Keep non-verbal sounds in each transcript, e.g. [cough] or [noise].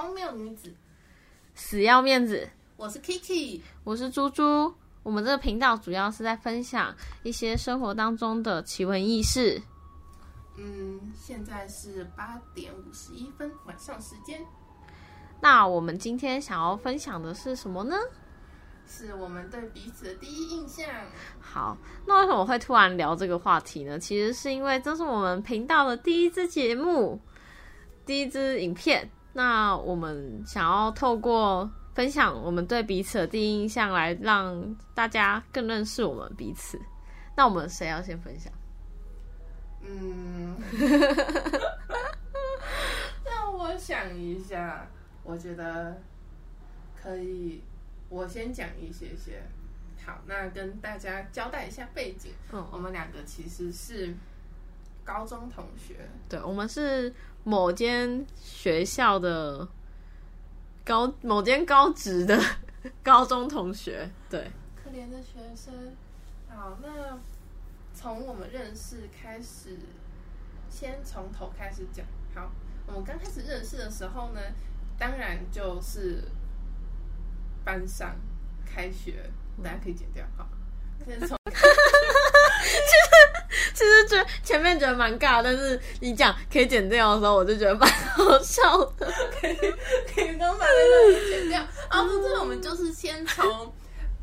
荒謬女子死要面子。我是 Kiki，我是豬豬。我們這個頻道主要是在分享一些生活當中的奇聞異事。嗯，現在是八點五十一分，晚上時間。那我們今天想要分享的是什麼呢？是我們對彼此的第一印象。好，那為什麼會突然聊這個話題呢？其實是因為這是我們頻道的第一支節目，第一支影片。那我們想要透過分享我們對彼此的第一印象，來讓大家更認識我們彼此。那我們誰要先分享？嗯，那 [laughs] [laughs] 我想一下，我覺得可以，我先講一些些。好，那跟大家交代一下背景。嗯，我們兩個其實是高中同學。對，我們是。某間學校的高，某間高職的高中同學，對，可憐的學生。好，那從我們認識開始，先從頭開始講。好，我們剛開始認識的時候呢，當然就是班上開學，大家、嗯、可以剪掉。好， [laughs] 先從。 [laughs] 其實覺前面覺得蠻尬，但是你講可以剪掉的時候，我就覺得蠻好笑的。可以 [laughs] 可以，可以把那個剪掉啊！不是、哦，嗯、我們就是先從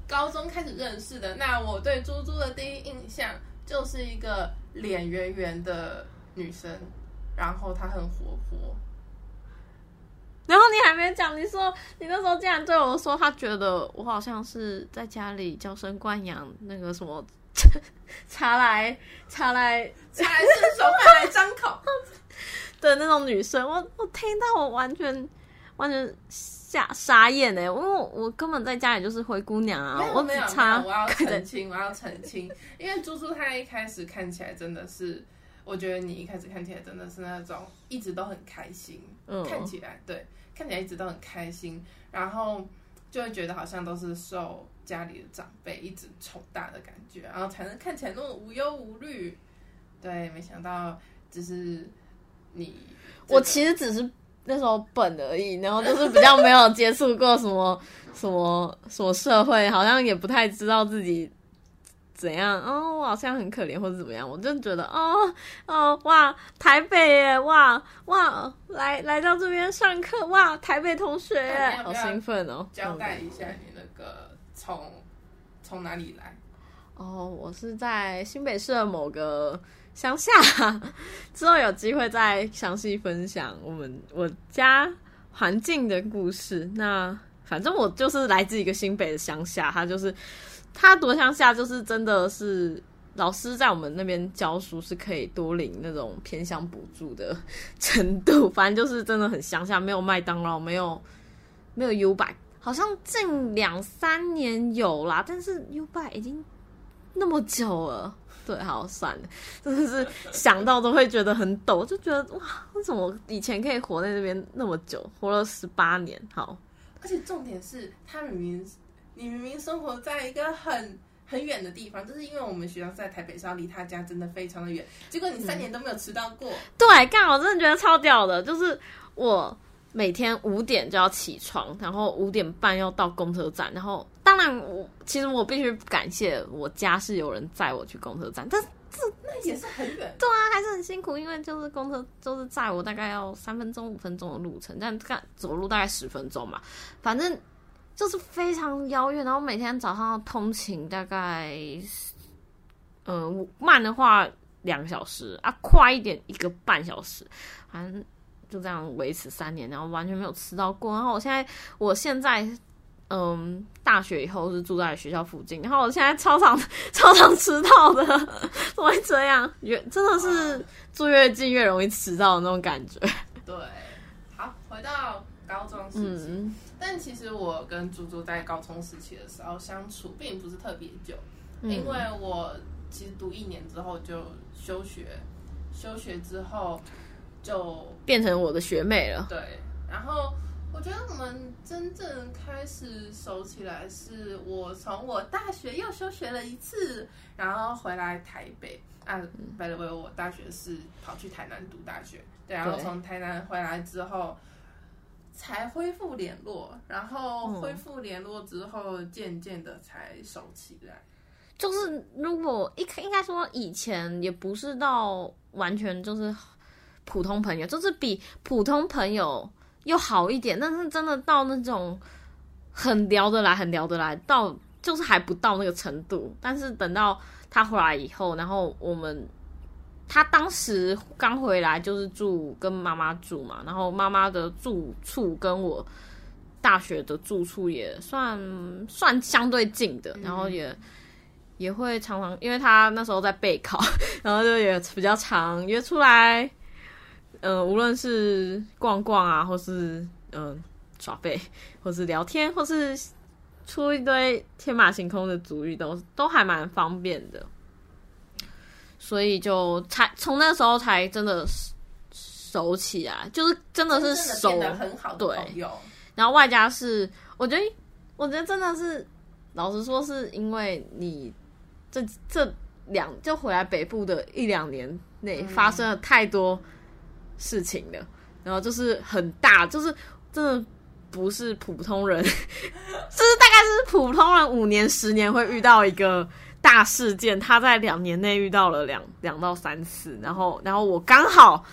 高中開始認識的。那我對豬豬的第一印象就是一個臉圓圓的女生，然後她很活潑。然後你還沒講，你說你那時候竟然對我說，她覺得我好像是在家裡嬌生慣養，那個什麼？茶來茶來茶來伸手， [laughs] 飯來張口的 [laughs] 那種女生，我我聽到我完全完全瞎傻眼哎！我我根本在家裡就是灰姑娘啊！沒有我查，我要澄清， [laughs] 我要澄清，因為豬豬她一開始看起來真的是，我覺得你一開始看起來真的是那種一直都很開心，嗯、看起來對，看起來一直都很開心，然後。就會覺得好像都是受家裡的長輩一直寵大的感覺，然後才能看起來那麼無憂無慮。對，沒想到只是你、這個，我其實只是那時候本而已，然後就是比較沒有接觸過什麼 [laughs] 什麼什麼社會，好像也不太知道自己。怎樣？哦，我好像很可憐，或者怎麼樣？我真的覺得，哦哦哇，台北耶！哇哇，來來到這邊上課，哇，台北同學耶，好、啊、興奮哦！交代一下你那個從從 Okay. 哪裡來？哦，我是在新北市的某個鄉下，之後有機會再詳細分享我們我家環境的故事。那反正我就是來自一個新北的鄉下，他就是。他多鄉下，就是真的是老師在我們那邊教書是可以多領那種偏鄉補助的程度，反正就是真的很鄉下，沒有麥當勞，沒有沒有 U 拜，好像近兩三年有啦，但是 U 拜已經那麼久了，對，好，算了，真的是想到都會覺得很抖，就覺得哇，為什麼以前可以活在這邊那麼久，活了十八年，好，而且重點是它裡面是。你明明生活在一個很很遠的地方，就是因為我們學校在台北，所以離他家真的非常的遠。結果你三年都沒有遲到過，嗯、對，幹我真的覺得超屌的。就是我每天五點就要起床，然後五點半要到公車站，然後當然我，其實我必須感謝我家是有人載我去公車站，但是那也是很遠，對啊，還是很辛苦，因為就是公車就是載我大概要三分鐘、五分鐘的路程，但幹走路大概十分鐘嘛，反正。就是非常遙遠，然後每天早上通勤大概，嗯、呃，慢的話兩個小時啊，快一點一個半小時，反正就這樣維持三年，然後完全沒有遲到過。然後我現在，我現在，嗯、呃，大學以後是住在學校附近，然後我現在超常超常遲到的，怎麼會這樣？越真的是住越近越容易遲到的那種感覺、嗯。對，好，回到。高中時期，嗯、但其實我跟豬豬在高中時期的時候相處並不是特別久，嗯、因為我其實讀一年之後就休學，休學之後就變成我的學妹了。對，然後我覺得我們真正開始熟起來，是我從我大學又休學了一次，然後回來台北啊，by the way，我大學是跑去台南讀大學，對，對然後從台南回來之後，才恢復聯絡，然後恢復聯絡之後，漸漸的才熟起來。嗯、就是如果一應該說以前也不是到完全就是普通朋友，就是比普通朋友又好一點，但是真的到那種很聊得來，很聊得來，到就是還不到那個程度。但是等到他回來以後，然後我們。他當時剛回來，就是住跟媽媽住嘛，然後媽媽的住處跟我大學的住處也算算相對近的，然後也、嗯、也會常常，因為他那時候在備考，然後就也比較常約出來，嗯、呃，無論是逛逛啊，或是嗯、呃、耍唄，或是聊天，或是出一堆天馬行空的主意，都都還蠻方便的。所以就才從那時候才真的熟起來，啊，就是真的是熟，對。然後外加是，我覺得，我覺得真的是，老實說，是因為你這這兩就回來北部的一兩年內發生了太多事情了，嗯、然後就是很大，就是真的不是普通人， [laughs] 就是大概是普通人五年十年會遇到一個。大事件，他在兩年內遇到了兩兩到三次，然後，然後我剛好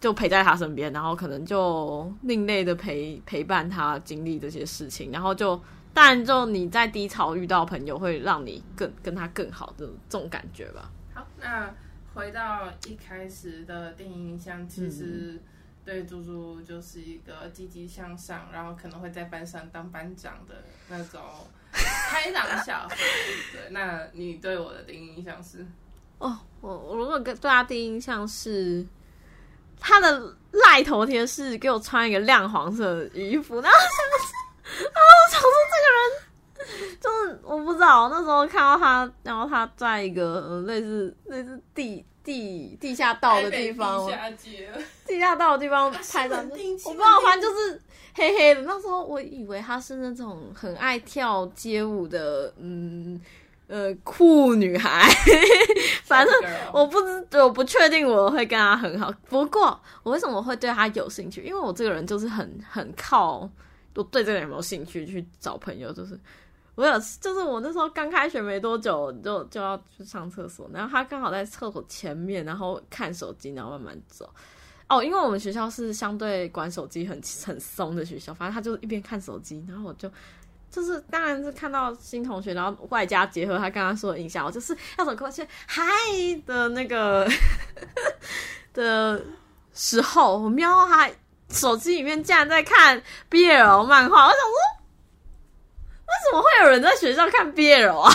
就陪在他身邊，然後可能就另類的陪陪伴他經歷這些事情，然後就，當然就你在低潮遇到朋友，會讓你更跟他更好的這，這種感覺吧。好，那回到一開始的第一印象，其實、嗯。對，豬豬就是一個積極向上，然後可能會在班上當班長的那種開朗小孩。對，那你對我的第一印象是？哦，我我如果跟對他第一印象是，他的賴頭貼是給我穿一個亮黃色的衣服，然後啊，我常說這個人就是我不知道，那時候看到他，然後他在一個、嗯、類似類似地。地地下道的地方，地下，地下道的地方拍照。我不知道，反正就是黑黑的。那時候我以為他是那種很愛跳街舞的，嗯呃酷女孩。 [laughs] 反正我不知我不確定我會跟他很好。不過我為什麼會對他有興趣？因為我這個人就是很很靠我對這個人有沒有興趣去找朋友，就是。我有，就是我那時候剛開學沒多久，就就要去上廁所，然後他剛好在廁所前面，然後看手機，然後慢慢走。哦，因為我們學校是相對管手機很很鬆的學校，反正他就一邊看手機，然後我就就是，當然是看到新同學，然後外加結合他剛剛說的印象，我就是要走過去嗨的那個 [laughs] 的時候，我瞄到他手機裡面竟然在看 BL 漫畫，我想說。怎麼會有人在學校看 BL 啊？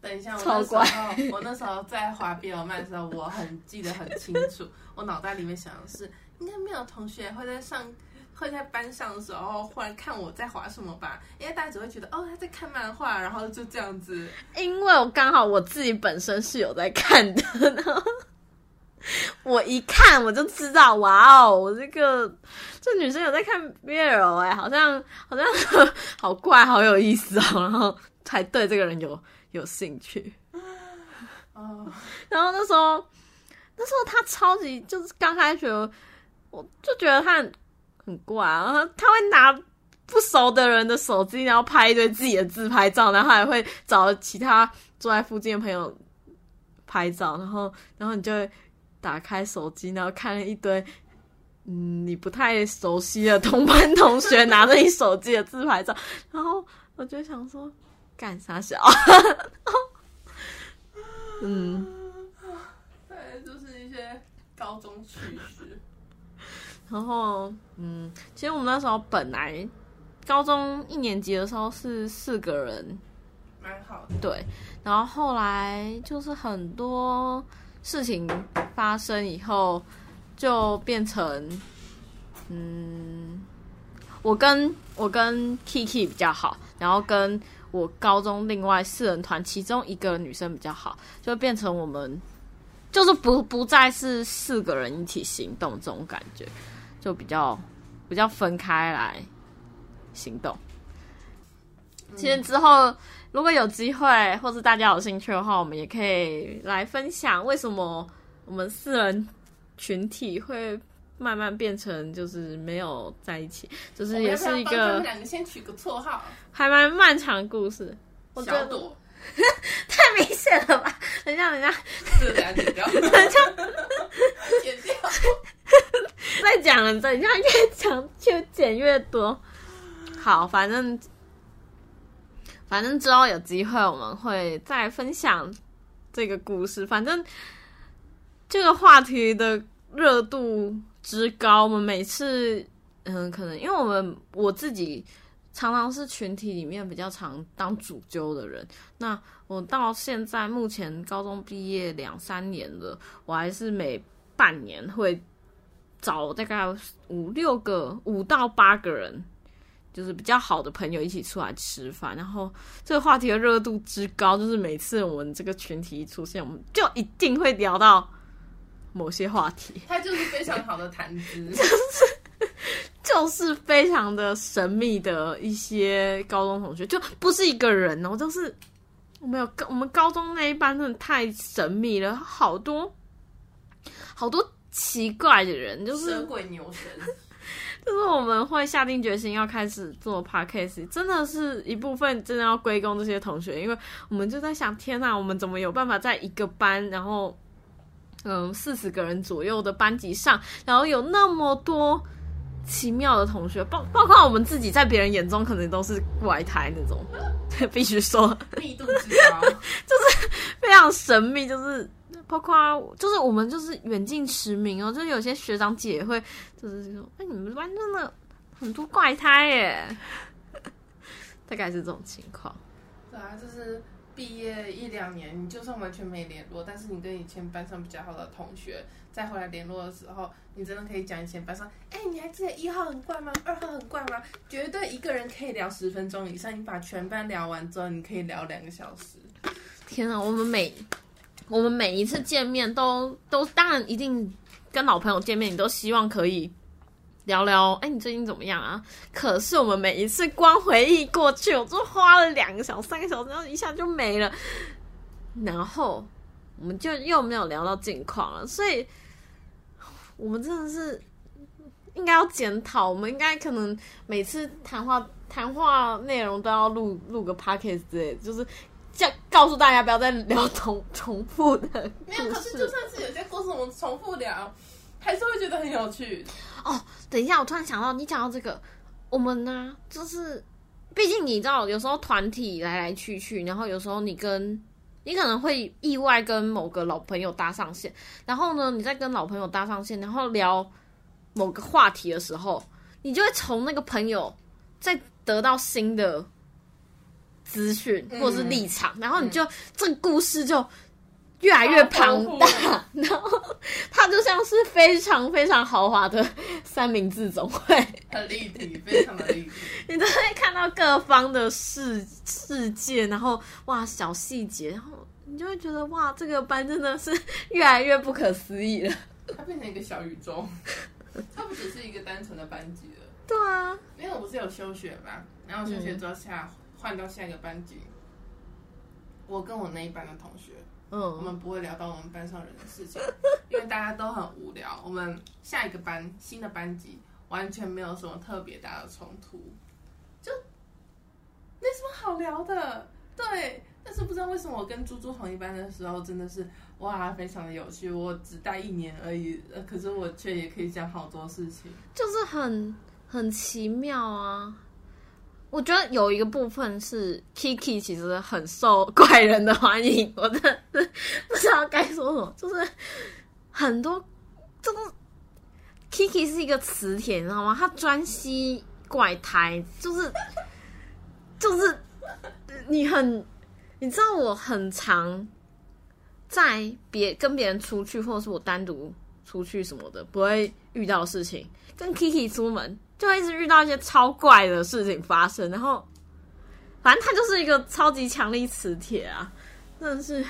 等一下，我那時超乖我那時候在滑別 l 漫的時候，我很記得很清楚，我腦袋裡面想的是，應該沒有同學會在上會在班上的時候然忽然看我在滑什麼吧，因為大家只會覺得哦他在看漫畫，然後就這樣子。因為我剛好我自己本身是有在看的。我一看我就知道，哇哦，我這個這個、女生有在看 Vero 哎、欸，好像好像好怪，好有意思哦，然後才對這個人有有興趣。Uh、然後那時候那時候他超級就是剛開學，我就覺得他很、很怪，然後他，他會拿不熟的人的手機，然後拍一堆自己的自拍照，然後還會找其他坐在附近的朋友拍照，然後然後你就會。打開手機，然後看了一堆，嗯，你不太熟悉的同班同學拿着你手機的自拍照， [laughs] 然後我就想說，幹啥小 [laughs] 嗯對，就是一些高中趣事。然後，嗯，其實我們那時候本來高中一年級的時候是四個人，蠻好的。對，然後後來就是很多事情。發生以後，就變成嗯，我跟我跟 Kiki 比較好，然後跟我高中另外四人團其中一個女生比較好，就變成我們就是不不再是四個人一起行動這種感覺，就比較比較分開來行動。其實、嗯、之後如果有機會，或是大家有興趣的話，我們也可以來分享為什麼。我們四人群體會慢慢變成，就是沒有在一起，就是也是一個。兩個先取個綽號，還蠻漫長的故事。我覺得小朵 [laughs] 太明顯了吧？等下，等一下，是這樣子，等下，剪 [laughs] 下掉。 [laughs] 再講了，等一下越講就剪越多。好，反正反正之後有機會我們會再分享這個故事，反正。這個話題的熱度之高，我們每次，嗯，可能因為我們我自己常常是群體裡面比較常當主揪的人。那我到現在目前高中畢業兩三年了，我還是每半年會找大概五六個、五到八個人，就是比較好的朋友一起出來吃飯。然後這個話題的熱度之高，就是每次我們這個群體一出現，我們就一定會聊到。某些話題，他就是非常好的談資， [laughs] 就是就是非常的神秘的一些高中同學，就不是一個人哦，就是沒有我們，我們高中那一班真的太神秘了，好多好多奇怪的人，就是蛇鬼牛神， [laughs] 就是我們會下定決心要開始做 Podcast 真的是一部分真的要歸功這些同學，因為我們就在想，天哪、啊，我們怎麼有辦法在一個班，然後。嗯，四十，呃、個人左右的班級上，然後有那麼多奇妙的同學，包包括我們自己，在別人眼中可能都是怪胎那種，對， [laughs] 必須須說，密度極高，就是非常神秘，就是包括就是我們就是遠近馳名哦，就是有些學長姐會就是說，哎、欸，你們班真的很多怪胎耶， [laughs] 大概是這種情況，對啊，就是。畢業一兩年，你就算完全沒聯絡，但是你跟以前班上比較好的同學再回來聯絡的時候，你真的可以講以前班上，哎、欸，你還記得一號很怪嗎？二號很怪嗎？絕對一個人可以聊十分鐘以上。你把全班聊完之後，你可以聊兩個小時。天啊，我們每我們每一次見面都都當然一定跟老朋友見面，你都希望可以。聊聊，哎、欸，你最近怎麼樣啊？可是我們每一次光回憶過去，我就花了兩個小時、三個小時，然後一下就沒了。然後我們就又沒有聊到近況了，所以我們真的是應該要檢討，我們應該可能每次談話、談話內容都要錄錄個 podcast 之類，就是叫告訴大家不要再聊重重複的。沒有，可是就算是有些故事，我們重複聊。還是會覺得很有趣哦。等一下，我突然想到，你講到這個，我們呢、啊，就是畢竟你知道，有時候團體來來去去然後有時候你跟你可能會意外跟某個老朋友搭上線，然後呢，你在跟老朋友搭上線，然後聊某個話題的時候，你就會從那個朋友再得到新的資訊或是立場，嗯、然後你就、嗯、這個故事就。越來越龐大，然後它就像是非常非常豪華的三明治總會。很立體，非常的立體。你都會看到各方的世世界，然後哇，小細節，然後你就會覺得哇，這個班真的是越來越不可思議了。它變成一個小宇宙，它不只是一個單純的班級了。對啊，因為我不是有休學嘛，然後休學之後下換到下一個班級。我跟我那一班的同學，嗯，嗯，我們不會聊到我們班上人的事情，因為大家都很無聊。我們下一個班新的班級完全沒有什麼特別大的衝突，就沒什麼好聊的。對，但是不知道為什麼我跟豬豬同一班的時候真的是哇，非常的有趣。我只待一年而已，可是我卻也可以講好多事情，就是很很奇妙啊。我覺得有一個部分是 Kiki 其實很受怪人的歡迎，我真的不知道該說什麼。就是很多就都 Kiki 是一個磁鐵，你知道嗎？他專吸怪胎，就是就是你很你知道我很常在別跟別人出去，或者是我單獨出去什麼的，不會遇到事情。跟 Kiki 出門。就會一直遇到一些超怪的事情發生，然後，反正他就是一個超級強力磁鐵啊！真的是，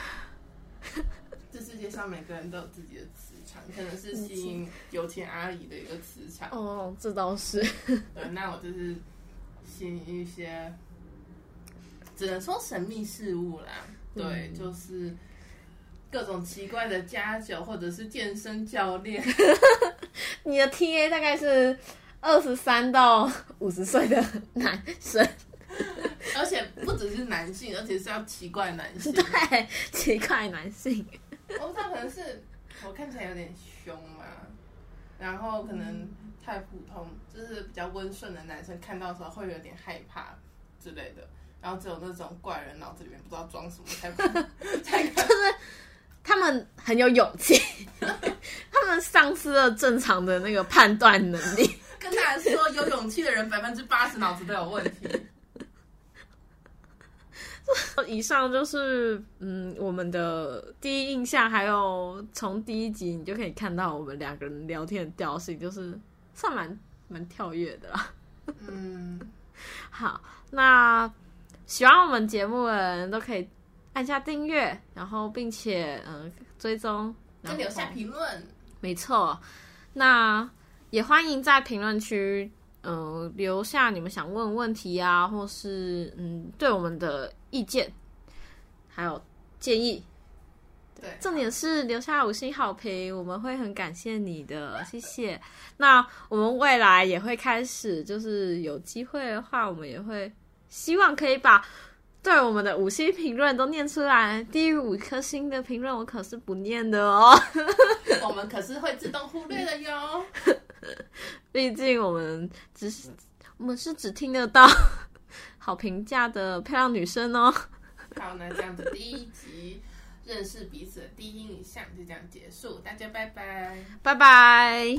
這世界上每個人都有自己的磁場，可能是吸引有錢阿姨的一個磁場哦，這倒是對。那我就是吸引一些，只能說神秘事物啦。嗯、對，就是各種奇怪的家教或者是健身教練。 [laughs] 你的 TA 大概是？二十三到五十歲的男生， [laughs] 而且不只是男性，而且是要奇怪男性。對，奇怪男性。我不知道可能是我看起來有點凶嘛，然後可能太普通，嗯、就是比較溫順的男生看到的時候會有點害怕之類的。然後只有那種怪人腦子裡面不知道裝什麼才 [laughs] 就是他們很有勇氣， [laughs] 他們喪失了正常的那個判斷能力。 [laughs] 跟他說，有勇氣的人百分之八十腦子都有問題。 [laughs] 以上就是嗯我們的第一印象，還有從第一集你就可以看到我們兩個人聊天的調性，就是算蠻蠻跳躍的啦。嗯，好，那喜歡我們節目的人都可以按下訂閱，然後並且嗯、呃、追蹤，然後留下評論。沒錯，那。也歡迎在評論區，嗯、呃、留下你們想問問題啊，或是嗯，對我們的意見，還有建議。對，重對點是留下五星好評，對我們會很感謝你的，謝謝。對那我們未來也會開始，就是有機會的話，我們也會希望可以把。對我們的五星評論都念出來，低於五顆星的評論我可是不念的哦。 [laughs] 我們可是會自動忽略的喲， [laughs] 畢竟我們只是我們是只聽得到好評價的漂亮女生哦。 [laughs] 好，那這樣子第一集認識彼此的第一印象就這樣結束，大家拜拜，拜拜。